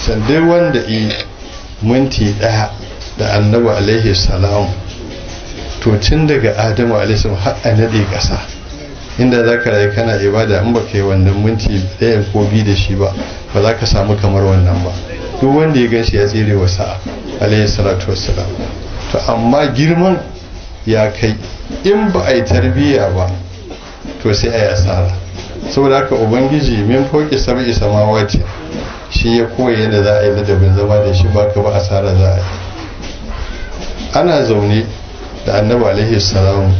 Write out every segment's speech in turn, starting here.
sandai wanda yi minti daya da annabi alaihi salam to tun daga adamu alaihi salam har a nade kasa inda za ka rayu kana ibada in ba ka yi wannan minti daya ko biyu da shi ba ba za ka samu kamar wannan ba duk wanda ya gan shi ya tsere wa sa'a alaihi salatu wassalam to amma girman ya kai in ba a yi tarbiyya ba to sai a yi asara saboda haka ubangiji min foki sab'i samawati shi ya koya yadda za a yi ladabin zama da shi ba ka ba asara za a yi ana zaune da annaba alaihi salam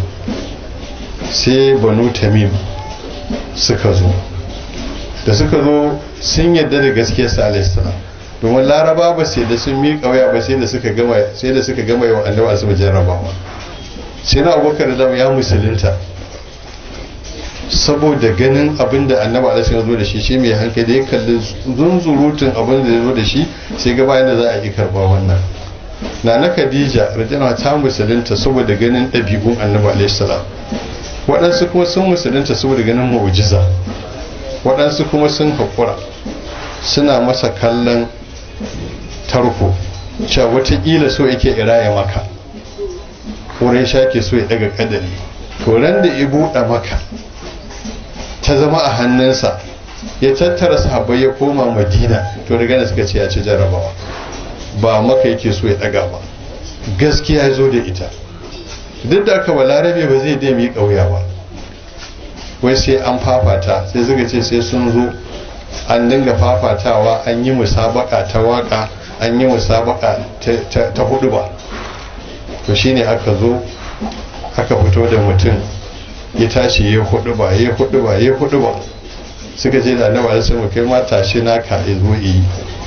sai banu tamim suka zo da suka zo sun yadda da gaskiyarsa alaihi salam domin laraba ba sai da sun miƙa waya ba sai da suka gama yawan annaba su gama yawan jarrabawa sai na abokan da ya musulunta saboda ganin abin da annabi alaihi ya zo da shi shi mai hankali da ya kalli zunzurutun abin da ya zo da shi sai gaba yadda za a yi karba wannan na na khadija rajina ta musulunta saboda ganin ɗabi'un annabi alaihi salam waɗansu kuma sun musulunta saboda ganin mu'jiza waɗansu kuma sun haƙura suna masa kallon tarko cewa watakila so yake iraya maka wurin sha ke so ya daga kadari to da ya buɗe maka ta zama a hannunsa ya tattara sahabbai ya koma madina to riga da suka ce ya ci jarabawa ba maka yake so ya daga ba gaskiya ya zo da ita duk da aka balarabe ba zai dai mai ba wai sai an fafata sai zuga ce sai sun zo an dinga fafatawa an yi musabaka ta waka an yi musabaka ta hudu ba to shine aka zo aka fito da mutum ya tashi ya hudu ba ya hudu ba ya hudu ba suka je da nawa alaihi wasallam kai ma tashi na ka yi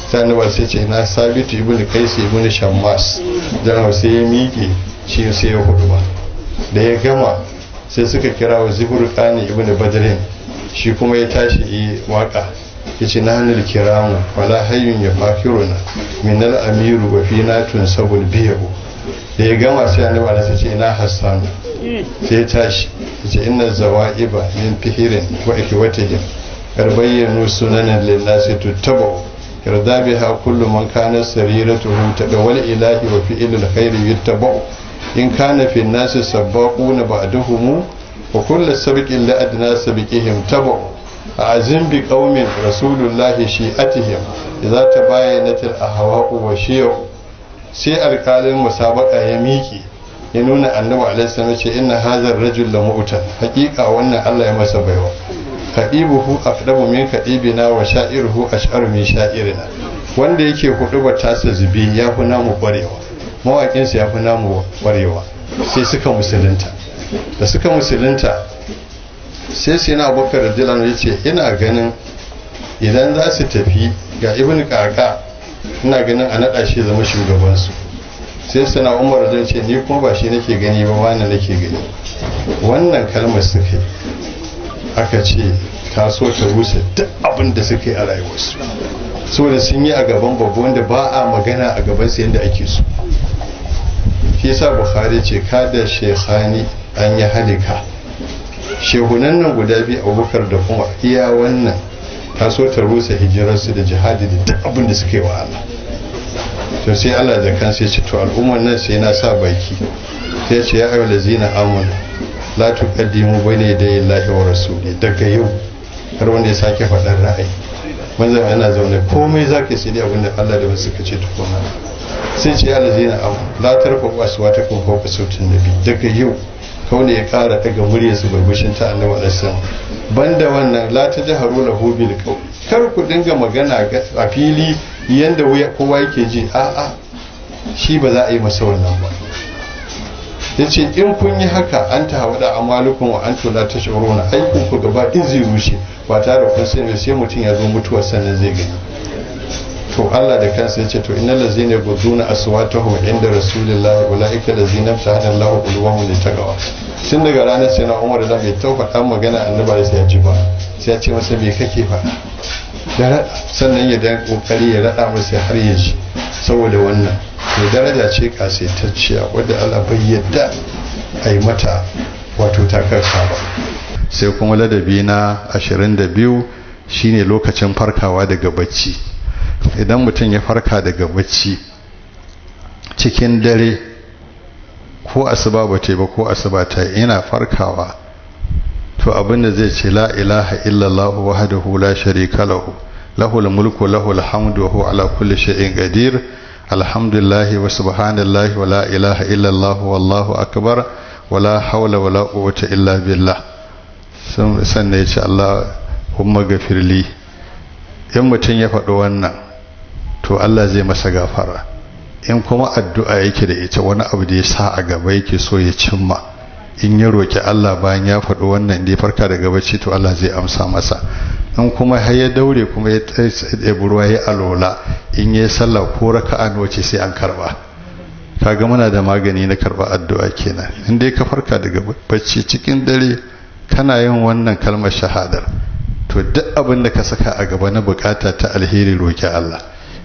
sai nawa sai ce na sabitu ibn kaisi ibn shammas dan sai ya miƙe shi sai ya hudu ba da ya gama sai suka kira wa zuhur kani ibn badrin shi kuma ya tashi yi waka ya ce na hannun kiramu wala hayyun ya fakiruna minal amiru wa fina tun sabul biyu da ya gama sai annabi alaihi ce ina hassan sai ya tashi ce inna zawaiba min fihirin wa ikwatihim kar bayyanu sunanan lillahi tuttab'u yarda biha kullu man kana sariratuhu wani ilahi wa fi'lul khairi yuttabu in kana fi nasi sabaquna ba'dahum wa kullu sabiqin la adna sabiqihim tabu azim bi qaumin rasulullahi shi'atihim idza tabayyanat al ahwa'u wa shi'u sai alkalin musabaka ya miki ya nuna annabi alaihissalam ya ce inna hazar rajul la mu'tan haƙiƙa wannan Allah ya masa baiwa kadibuhu afdamu min kadibina wa sha'iruhu ash'aru min sha'irina wanda yake ba tasa zubi ya fi namu kwarewa mawaƙinsa ya fi namu barewa sai suka musulunta da suka musulunta sai sai na abubakar radiyallahu ya ce ina ganin idan za su tafi ga ibn kaka ina ganin a naɗa shi zama shugabansu sai suna umar da ce ni kuma ba shi nake gani ba wani nake gani wannan kalmar suka aka ce ta so ta rusa duk abin da suka yi a rayuwarsu saboda sun yi a gaban babu wanda ba a magana a gaban su yadda ake so shi yasa bukhari ce kada shekhani an yi halika shehunan nan guda biyu abubakar da kuma iya wannan ta so ta rusa hijirarsu da jihadi da duk abin da suka yi wa Allah to sai Allah da sai ya ce to al'ummar nan sai na sa baki sai ce ya ayyuhal zina amul la tuqaddimu bayna yaday Allahi wa rasuli daga yau har wanda ya sake faɗar ra'ayi manzon yana zaune komai zaka sai dai da Allah da wasu kace kuma sai ce ya zina amul la wata ko fawqa sautin nabi daga yau kawai ya kara daga muryar su barbashin ta annabi alaihi banda wannan la tajharu lahu bil qawl kar ku dinga magana a fili yanda kowa yake ji a'a shi ba za a yi masa wannan ba ya ce in kun yi haka an ta hawa da amalukun wa an tola ta shawarona aikin ku gaba in zai rushe ba tare kun sani sai mutum ya zo mutuwar sannan zai gani to Allah da kansa ya ce to la ladzina yughduna aswatahu inda rasulillahi ulaika ladzina fahada Allahu ta litaqwa tun daga ranar sai na Umar da bai taufa dan magana annabi sai ya ji ba sai ya ce masa me kake faɗa da sannan ya dan kokari ya rada masa har yanzu saboda wannan to daraja ce kasaitacciya wadda Allah bai yadda a yi mata wato takarsa ba sai kuma ladabi na 22 shine lokacin farkawa daga bacci idan mutum ya farka daga bacci cikin dare ko asuba ba ta ba ko asuba ta yana farkawa to abinda zai ce la ilaha illallah wahdahu la sharika lahu lahul mulku lahul hamdu wa huwa ala kulli shay'in qadir alhamdulillah wa subhanallah wa la ilaha illallah wallahu akbar wa la hawla wa la quwwata illa billah sannan ya ce Allahumma gafirli in mutum ya faɗi wannan to Allah zai masa gafara in kuma addu'a yake da ita wani abu da ya sa a gaba yake so ya cimma in ya roki Allah bayan ya faɗo wannan da ya farka daga bacci to Allah zai amsa masa in kuma har ya daure kuma ya tsaye ruwa ya alola in ya sallah ko raka'a wace sai an karba kaga muna da magani na karba addu'a kenan in dai ka farka daga bacci cikin dare kana yin wannan kalmar shahadar to duk abin da ka saka a gaba na bukata ta alheri roki Allah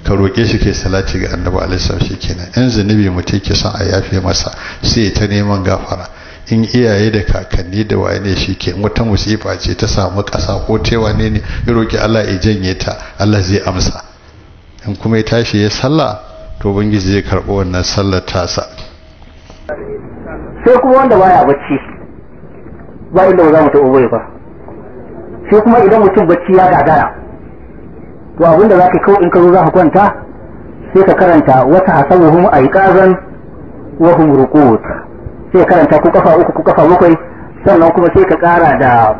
ka roƙe shi ke salati ga annabi alaihi salatu kenan in zunubi mutum ke son a yafe masa sai ta neman gafara in iyaye da kakanni da waye ne shi ke wata musifa ce ta samu ƙasa ko ta wane ne ya roƙi Allah ya janye ta Allah zai amsa in kuma ya tashi ya sallah to ubangiji zai karɓo wannan sallar tasa sai kuma wanda baya bacci ba inda ba za mu taɓa ba sai kuma idan mutum bacci ya gagara to abinda za ka kawai in ka zo za ka kwanta sai ka karanta wata hum aiqazan wa hum ruqut sai karanta ku kafa uku ku kafa bakwai sannan kuma sai ka kara da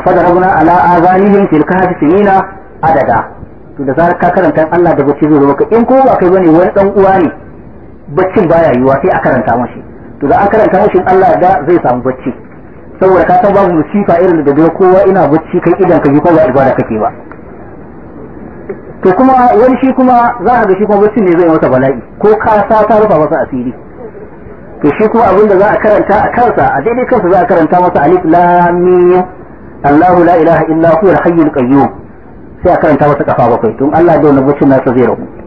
fadarabna ala azanihim fil kahfi sinina adada to da zarar ka karanta Allah da bacci zai zo maka in ko ba kai bane wani dan uwa ne baccin baya yiwa sai a karanta mashi to da an karanta mashi Allah da zai samu bacci saboda ka san babu musifa irin da dai kowa ina bacci kai idan ka ji ko ba ibada kake ba to kuma wani shi kuma za ka ga shi kuma baccin ne zai masa bala'i ko ka sa ta rufa masa asiri to shi kuma abinda za a karanta a kansa a daidai kansa za a karanta masa alif lam mim Allahu la ilaha illa huwa al-hayyul qayyum sai a karanta masa kafa bakwai tun Allah da wannan bacin nasa zai rabu